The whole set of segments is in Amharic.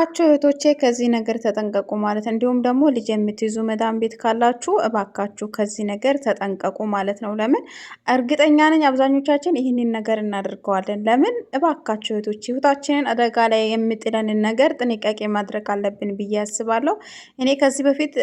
እባካችሁ እህቶቼ ከዚህ ነገር ተጠንቀቁ ማለት እንዲሁም ደግሞ ልጅ የምትይዙ መዳም ቤት ካላችሁ እባካችሁ ከዚህ ነገር ተጠንቀቁ ማለት ነው። ለምን እርግጠኛ ነኝ አብዛኞቻችን ይህንን ነገር እናደርገዋለን። ለምን እባካችሁ እህቶች ህይወታችንን አደጋ ላይ የምጥለንን ነገር ጥንቃቄ ማድረግ አለብን ብዬ አስባለሁ። እኔ ከዚህ በፊት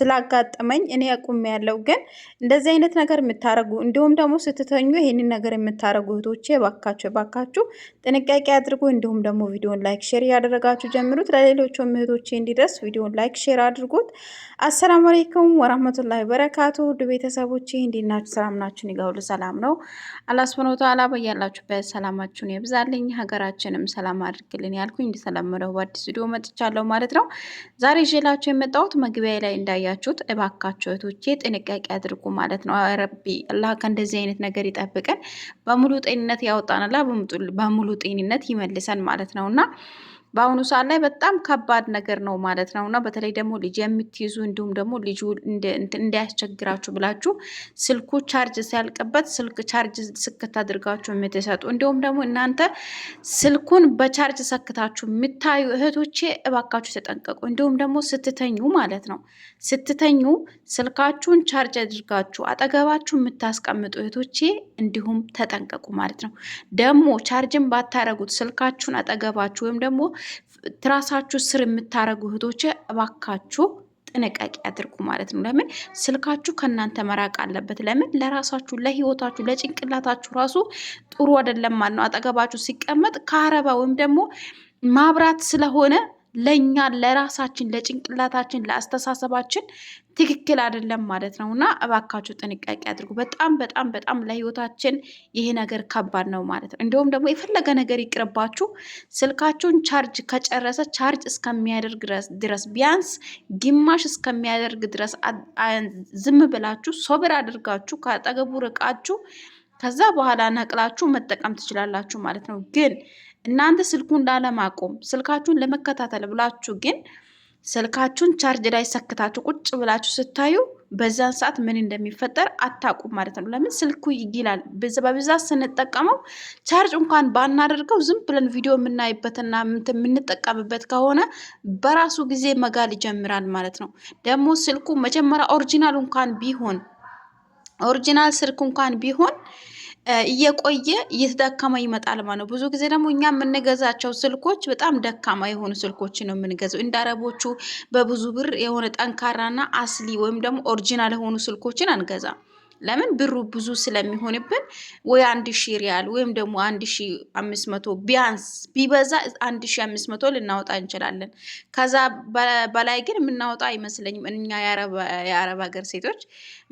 ስላጋጠመኝ እኔ ያቁም ያለው ግን እንደዚህ አይነት ነገር የምታረጉ እንዲሁም ደግሞ ስትተኙ ይህንን ነገር የምታረጉ እህቶቼ እባካችሁ እባካችሁ ጥንቃቄ አድርጉ። እንዲሁም ደግሞ ቪዲዮን ላይክ ሼር እያደረጋችሁ ጀምሩ። የምትሉት ለሌሎቹ እህቶቼ እንዲደርስ ቪዲዮን ላይክ፣ ሼር አድርጉት። አሰላሙ አለይኩም ወራህመቱላሂ ወበረካቱ ውድ ቤተሰቦቼ እንዴት ናችሁ? ሰላም ናችሁን? እኔ ጋር ሁሉ ሰላም ነው። አላህ ሱብሃነሁ ወተዓላ በያላችሁበት ሰላማችሁን ይብዛልኝ፣ ሀገራችንም ሰላም አድርግልን ያልኩኝ እንደተለመደው በአዲስ ቪዲዮ መጥቻለሁ ማለት ነው። ዛሬ ይዤላችሁ የመጣሁት መግቢያ ላይ እንዳያችሁት እባካችሁ እህቶቼ ጥንቃቄ አድርጉ ማለት ነው። ረቢ አላህ ከእንደዚህ አይነት ነገር ይጠብቀን፣ በሙሉ ጤንነት ያወጣናላ፣ በሙሉ ጤንነት ይመልሰን ማለት ነው እና በአሁኑ ሰዓት ላይ በጣም ከባድ ነገር ነው ማለት ነው እና በተለይ ደግሞ ልጅ የምትይዙ እንዲሁም ደግሞ ልጁ እንዳያስቸግራችሁ ብላችሁ ስልኩ ቻርጅ ሲያልቅበት ስልክ ቻርጅ ስክት አድርጋችሁ የምትሰጡ እንዲሁም ደግሞ እናንተ ስልኩን በቻርጅ ሰክታችሁ የምታዩ እህቶቼ እባካችሁ ተጠንቀቁ። እንዲሁም ደግሞ ስትተኙ ማለት ነው ስትተኙ ስልካችሁን ቻርጅ አድርጋችሁ አጠገባችሁ የምታስቀምጡ እህቶቼ እንዲሁም ተጠንቀቁ ማለት ነው። ደግሞ ቻርጅን ባታረጉት ስልካችሁን አጠገባችሁ ወይም ደግሞ ትራሳችሁ ስር የምታደርጉ እህቶች እባካችሁ ጥንቃቄ አድርጉ ማለት ነው። ለምን ስልካችሁ ከእናንተ መራቅ አለበት። ለምን ለራሳችሁ፣ ለህይወታችሁ፣ ለጭንቅላታችሁ ራሱ ጥሩ አይደለም ማለት ነው። አጠገባችሁ ሲቀመጥ ከአረባ ወይም ደግሞ ማብራት ስለሆነ ለእኛ ለራሳችን ለጭንቅላታችን ለአስተሳሰባችን ትክክል አይደለም ማለት ነው። እና እባካችሁ ጥንቃቄ አድርጉ። በጣም በጣም በጣም ለህይወታችን ይሄ ነገር ከባድ ነው ማለት ነው። እንዲሁም ደግሞ የፈለገ ነገር ይቅርባችሁ፣ ስልካችሁን ቻርጅ ከጨረሰ ቻርጅ እስከሚያደርግ ድረስ ቢያንስ ግማሽ እስከሚያደርግ ድረስ ዝም ብላችሁ ሶብር አድርጋችሁ ከአጠገቡ ርቃችሁ ከዛ በኋላ ነቅላችሁ መጠቀም ትችላላችሁ ማለት ነው ግን እናንተ ስልኩን ላለማቆም ስልካችሁን ለመከታተል ብላችሁ ግን ስልካችሁን ቻርጅ ላይ ሰክታችሁ ቁጭ ብላችሁ ስታዩ በዛን ሰዓት ምን እንደሚፈጠር አታውቁም ማለት ነው። ለምን ስልኩ ይጊላል። በብዛት ስንጠቀመው ቻርጅ እንኳን ባናደርገው ዝም ብለን ቪዲዮ የምናይበትና የምንጠቀምበት ከሆነ በራሱ ጊዜ መጋል ይጀምራል ማለት ነው። ደግሞ ስልኩ መጀመሪያ ኦሪጂናል እንኳን ቢሆን ኦሪጂናል ስልክ እንኳን ቢሆን እየቆየ እየተዳከመ ይመጣል ማለት ነው። ብዙ ጊዜ ደግሞ እኛ የምንገዛቸው ስልኮች በጣም ደካማ የሆኑ ስልኮች ነው የምንገዛው። እንደ አረቦቹ በብዙ ብር የሆነ ጠንካራና አስሊ ወይም ደግሞ ኦሪጂናል የሆኑ ስልኮችን አንገዛም። ለምን ብሩ ብዙ ስለሚሆንብን ወይ አንድ ሺ ሪያል ወይም ደግሞ አንድ ሺ አምስት መቶ ቢያንስ ቢበዛ አንድ ሺ አምስት መቶ ልናወጣ እንችላለን። ከዛ በላይ ግን የምናወጣ አይመስለኝም። እኛ የአረብ ሀገር ሴቶች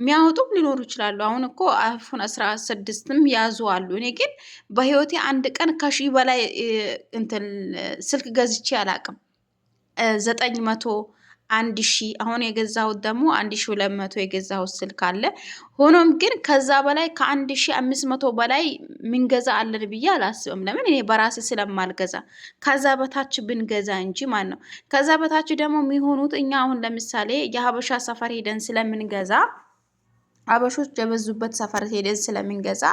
የሚያወጡም ሊኖሩ ይችላሉ። አሁን እኮ አይፎን አስራ ስድስትም ያዙ አሉ። እኔ ግን በህይወቴ አንድ ቀን ከሺ በላይ እንትን ስልክ ገዝቼ አላቅም። ዘጠኝ መቶ አንድ ሺ አሁን የገዛሁት ደግሞ አንድ ሺ ሁለት መቶ የገዛሁት ስልክ አለ። ሆኖም ግን ከዛ በላይ ከአንድ ሺ አምስት መቶ በላይ ምንገዛ አለን ብዬ አላስብም። ለምን እኔ በራሴ ስለማልገዛ ከዛ በታች ብንገዛ እንጂ ማለት ነው። ከዛ በታች ደግሞ የሚሆኑት እኛ አሁን ለምሳሌ የሀበሻ ሰፈር ሄደን ስለምንገዛ አበሾች የበዙበት ሰፈር ሄደን ስለምንገዛ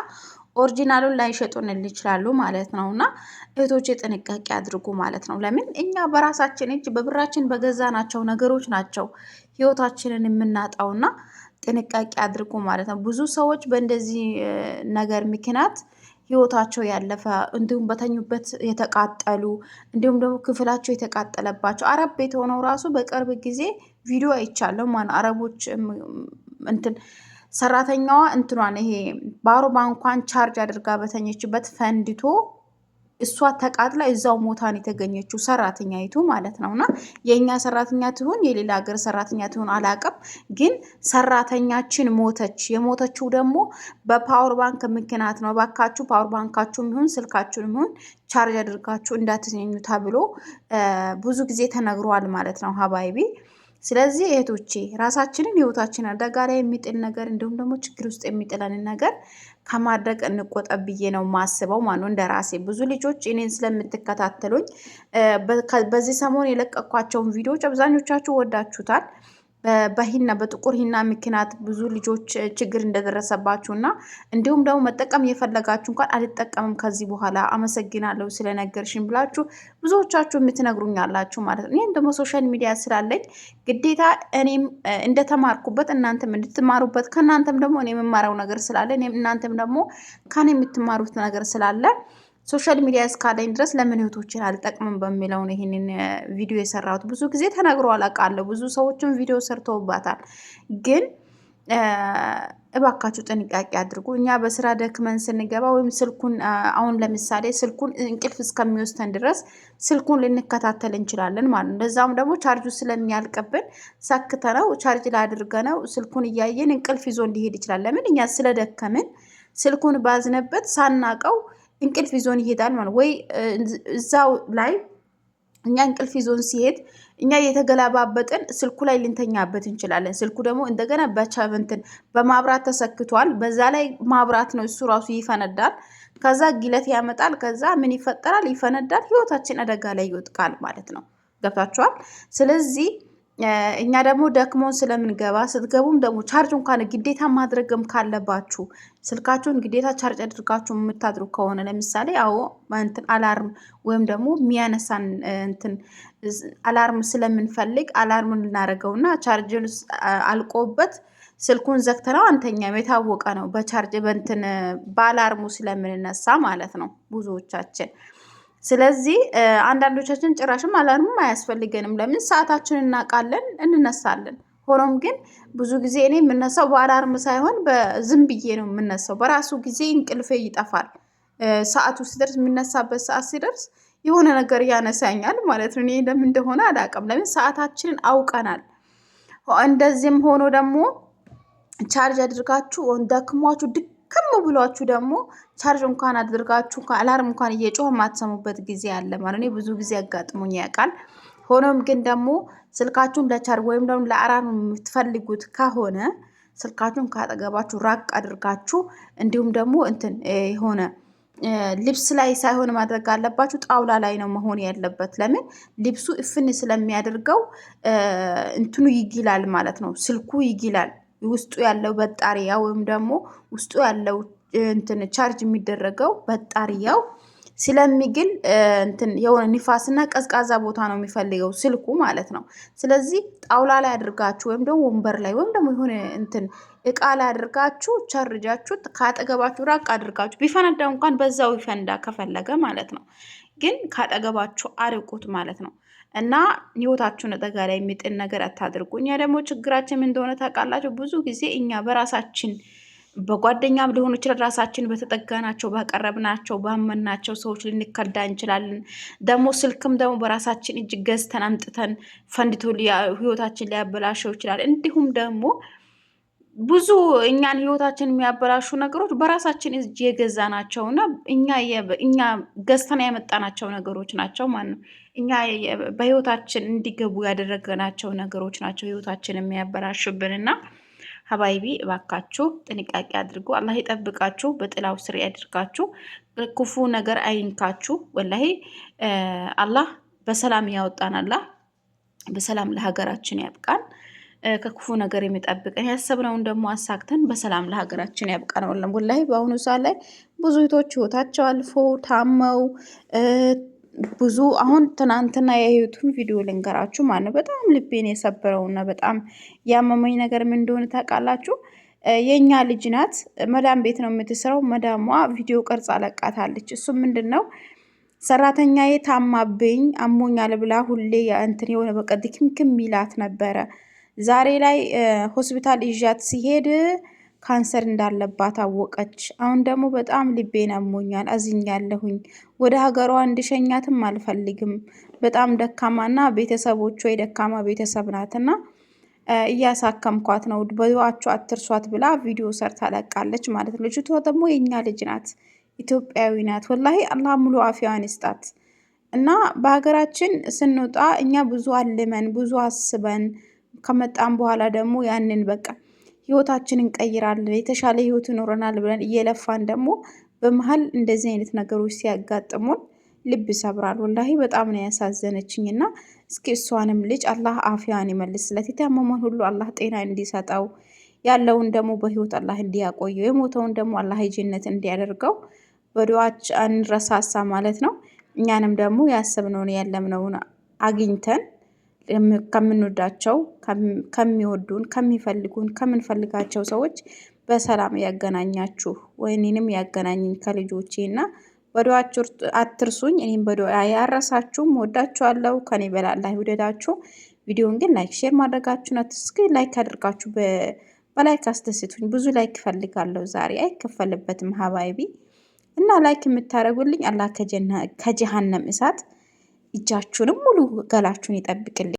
ኦሪጂናሉን ላይሸጡንል ይችላሉ ማለት ነው። እና እህቶች ጥንቃቄ አድርጉ ማለት ነው። ለምን እኛ በራሳችን እጅ በብራችን በገዛናቸው ነገሮች ናቸው ህይወታችንን የምናጣውና ጥንቃቄ አድርጉ ማለት ነው። ብዙ ሰዎች በእንደዚህ ነገር ምክንያት ህይወታቸው ያለፈ እንዲሁም በተኙበት የተቃጠሉ እንዲሁም ደግሞ ክፍላቸው የተቃጠለባቸው አረብ ቤት ሆነው ራሱ በቅርብ ጊዜ ቪዲዮ አይቻለሁ። አረቦች እንትን ሰራተኛዋ እንትኗን ይሄ ባሮ ባንኳን ቻርጅ አድርጋ በተኘችበት ፈንድቶ እሷ ተቃጥላ እዛው ሞታን የተገኘችው ሰራተኛ ይቱ ማለት ነው። እና የእኛ ሰራተኛ ትሁን የሌላ ሀገር ሰራተኛ ትሁን አላቅም፣ ግን ሰራተኛችን ሞተች። የሞተችው ደግሞ በፓወር ባንክ ምክንያት ነው። ባካችሁ ፓወር ባንካችሁም ይሁን ስልካችሁም ይሁን ቻርጅ አድርጋችሁ እንዳትተኙ ተብሎ ብዙ ጊዜ ተነግሯል ማለት ነው ሀባይቢ ስለዚህ እህቶቼ ራሳችንን ህይወታችን አደጋ ላይ የሚጥል ነገር እንዲሁም ደግሞ ችግር ውስጥ የሚጥለንን ነገር ከማድረግ እንቆጠብ ብዬ ነው ማስበው። ማነው እንደ ራሴ ብዙ ልጆች እኔን ስለምትከታተሉኝ በዚህ ሰሞን የለቀኳቸውን ቪዲዮዎች አብዛኞቻችሁ ወዳችሁታል። በሂና በጥቁር ሂና ምክንያት ብዙ ልጆች ችግር እንደደረሰባችሁ እና እንዲሁም ደግሞ መጠቀም እየፈለጋችሁ እንኳን አልጠቀምም ከዚህ በኋላ አመሰግናለሁ ስለነገርሽኝ ብላችሁ ብዙዎቻችሁ የምትነግሩኝ አላችሁ ማለት ነው። ይህም ደግሞ ሶሻል ሚዲያ ስላለኝ ግዴታ እኔም እንደተማርኩበት እናንተም እንድትማሩበት ከእናንተም ደግሞ እኔ የምማረው ነገር ስላለ እናንተም ደግሞ ከኔ የምትማሩት ነገር ስላለ ሶሻል ሚዲያ እስካለኝ ድረስ ለምን እህቶችን አልጠቅምም በሚለው ነው ይህንን ቪዲዮ የሰራሁት። ብዙ ጊዜ ተነግሮ አላውቃለሁ። ብዙ ሰዎችም ቪዲዮ ሰርተውባታል። ግን እባካችሁ ጥንቃቄ አድርጉ። እኛ በስራ ደክመን ስንገባ ወይም ስልኩን አሁን ለምሳሌ ስልኩን እንቅልፍ እስከሚወስተን ድረስ ስልኩን ልንከታተል እንችላለን ማለት ነው። እንደዛም ደግሞ ቻርጁ ስለሚያልቅብን ሰክተነው ቻርጅ ላይ ስልኩን እያየን እንቅልፍ ይዞ እንዲሄድ ይችላል። ለምን እኛ ስለደከምን ስልኩን ባዝነበት ሳናቀው እንቅልፍ ይዞን ይሄዳል ማለት ወይ እዛው ላይ እኛ እንቅልፍ ይዞን ሲሄድ እኛ የተገላባበጥን ስልኩ ላይ ልንተኛበት እንችላለን። ስልኩ ደግሞ እንደገና በቻበንትን በማብራት ተሰክቷል። በዛ ላይ ማብራት ነው እሱ ራሱ ይፈነዳል። ከዛ ግለት ያመጣል። ከዛ ምን ይፈጠራል? ይፈነዳል። ህይወታችን አደጋ ላይ ይወጥቃል ማለት ነው። ገብታችኋል? ስለዚህ እኛ ደግሞ ደክሞን ስለምንገባ ስትገቡም ደግሞ ቻርጅ እንኳን ግዴታ ማድረግም ካለባችሁ ስልካችሁን ግዴታ ቻርጅ አድርጋችሁ የምታድሩ ከሆነ ለምሳሌ አዎ እንትን አላርም ወይም ደግሞ የሚያነሳን እንትን አላርም ስለምንፈልግ አላርም ልናደርገውና ቻርጅን አልቆበት ስልኩን ዘግተነው አንተኛም። የታወቀ ነው። በቻርጅ በእንትን በአላርሙ ስለምንነሳ ማለት ነው ብዙዎቻችን ስለዚህ አንዳንዶቻችን ጭራሽም አላርሙም አያስፈልገንም። ለምን ሰዓታችን እናውቃለን፣ እንነሳለን። ሆኖም ግን ብዙ ጊዜ እኔ የምነሳው በአላርም ሳይሆን በዝም ብዬ ነው የምነሳው። በራሱ ጊዜ እንቅልፌ ይጠፋል። ሰዓቱ ሲደርስ የምነሳበት ሰዓት ሲደርስ የሆነ ነገር ያነሳኛል ማለት ነው። እኔ ለምን እንደሆነ አላውቅም። ለምን ሰዓታችንን አውቀናል። እንደዚህም ሆኖ ደግሞ ቻርጅ አድርጋችሁ ደክሟችሁ ከም ብሏችሁ ደግሞ ቻርጅ እንኳን አድርጋችሁ አላርም እንኳን እየጮህ የማትሰሙበት ጊዜ አለ ማለት ነው። ብዙ ጊዜ አጋጥሞኝ ያውቃል። ሆኖም ግን ደግሞ ስልካችሁን ለቻርጅ ወይም ደግሞ ለአላርም የምትፈልጉት ከሆነ ስልካችሁን ካጠገባችሁ ራቅ አድርጋችሁ እንዲሁም ደግሞ እንትን የሆነ ልብስ ላይ ሳይሆን ማድረግ አለባችሁ። ጣውላ ላይ ነው መሆን ያለበት። ለምን ልብሱ እፍን ስለሚያደርገው እንትኑ ይጊላል ማለት ነው። ስልኩ ይጊላል። ውስጡ ያለው በጣሪያ ወይም ደግሞ ውስጡ ያለው እንትን ቻርጅ የሚደረገው በጣሪያው ስለሚግል እንትን የሆነ ንፋስና ቀዝቃዛ ቦታ ነው የሚፈልገው ስልኩ ማለት ነው። ስለዚህ ጣውላ ላይ አድርጋችሁ ወይም ደግሞ ወንበር ላይ ወይም ደግሞ የሆነ እንትን እቃ ላይ አድርጋችሁ ቻርጃችሁ ካጠገባችሁ ራቅ አድርጋችሁ ቢፈነዳ እንኳን በዛው ይፈንዳ ከፈለገ ማለት ነው። ግን ካጠገባችሁ አርቁት ማለት ነው። እና ህይወታችሁን አደጋ ላይ የሚጥል ነገር አታድርጉ። እኛ ደግሞ ችግራችን እንደሆነ ታውቃላችሁ። ብዙ ጊዜ እኛ በራሳችን በጓደኛም ሊሆን ይችላል ራሳችን በተጠጋናቸው ባቀረብናቸው ባመናቸው ሰዎች ልንከዳ እንችላለን። ደግሞ ስልክም ደግሞ በራሳችን እጅ ገዝተን አምጥተን ፈንድቶ ህይወታችን ሊያበላሸው ይችላል። እንዲሁም ደግሞ ብዙ እኛን ህይወታችን የሚያበላሹ ነገሮች በራሳችን እጅ የገዛ ናቸው እና እኛ ገዝተን ያመጣናቸው ነገሮች ናቸው ማለት ነው። እኛ በህይወታችን እንዲገቡ ያደረገናቸው ነገሮች ናቸው ህይወታችን የሚያበላሹብን እና ሀባይቢ እባካችሁ ጥንቃቄ አድርጉ። አላህ ይጠብቃችሁ፣ በጥላው ስር ያድርጋችሁ፣ ክፉ ነገር አይንካችሁ። ወላሂ አላህ በሰላም ያወጣን፣ አላህ በሰላም ለሀገራችን ያብቃን። ከክፉ ነገር የሚጠብቀን ያሰብነውን ደግሞ አሳክተን በሰላም ለሀገራችን ያብቃን። ወለም ወላሂ በአሁኑ ሰዓት ላይ ብዙ እህቶች ህይወታቸው አልፎ ታመው ብዙ አሁን ትናንትና የህይወቱን ቪዲዮ ልንገራችሁ ማነው በጣም ልቤን የሰበረውና በጣም ያመመኝ ነገር ምን እንደሆነ ታውቃላችሁ? የእኛ ልጅ ናት፣ መዳም ቤት ነው የምትሰራው። መዳሟ ቪዲዮ ቅርጽ አለቃታለች። እሱ ምንድን ነው ሰራተኛዬ ታማብኝ አሞኛል ብላ ሁሌ እንትን የሆነ በቃ ድክምክም ይላት ነበረ ዛሬ ላይ ሆስፒታል ይዣት ሲሄድ ካንሰር እንዳለባት አወቀች። አሁን ደግሞ በጣም ልቤን አሞኛል፣ አዝኛለሁኝ። ወደ ሀገሯ እንድሸኛትም አልፈልግም። በጣም ደካማና ወይ ደካማ ቤተሰብ ናትና እያሳከምኳት ነው፣ በዋቸው አትርሷት ብላ ቪዲዮ ሰርታ ለቃለች ማለት ነው። ልጅቷ ደግሞ የእኛ ልጅ ናት፣ ኢትዮጵያዊ ናት። ወላሂ አላህ ሙሉ አፊዋን ይስጣት። እና በሀገራችን ስንወጣ እኛ ብዙ አልመን ብዙ አስበን ከመጣም በኋላ ደግሞ ያንን በቃ ህይወታችንን እንቀይራለን፣ የተሻለ ህይወት ይኖረናል ብለን እየለፋን ደግሞ በመሀል እንደዚህ አይነት ነገሮች ሲያጋጥሙን ልብ ይሰብራል። ወላሂ በጣም ነው ያሳዘነችኝ። እና እስኪ እሷንም ልጅ አላህ አፍያን ይመልስለት፣ የታመመን ሁሉ አላህ ጤና እንዲሰጠው፣ ያለውን ደግሞ በህይወት አላህ እንዲያቆየው፣ የሞተውን ደግሞ አላህ ጀነት እንዲያደርገው በዱዓች አንረሳሳ ማለት ነው። እኛንም ደግሞ ያሰብነውን ያለምነውን አግኝተን ከምንወዳቸው ከሚወዱን ከሚፈልጉን ከምንፈልጋቸው ሰዎች በሰላም ያገናኛችሁ። ወይኔንም ያገናኝኝ ከልጆቼ እና በዱዓችሁ አትርሱኝ፣ እኔም በዱዓ ያረሳችሁም። ወዳችኋለሁ። ከኔ በላይ አላህ ይውደዳችሁ። ግን ላይክ፣ ሼር ማድረጋችሁን አትስኪ ላይክ አድርጋችሁ በላይክ አስደስቱኝ። ብዙ ላይክ እፈልጋለሁ ዛሬ አይከፈልበትም ሀባይቢ እና ላይክ የምታደርጉልኝ አላህ ከጀሃነም እሳት እጃችሁንም ሙሉ ገላችሁን ይጠብቅልኝ።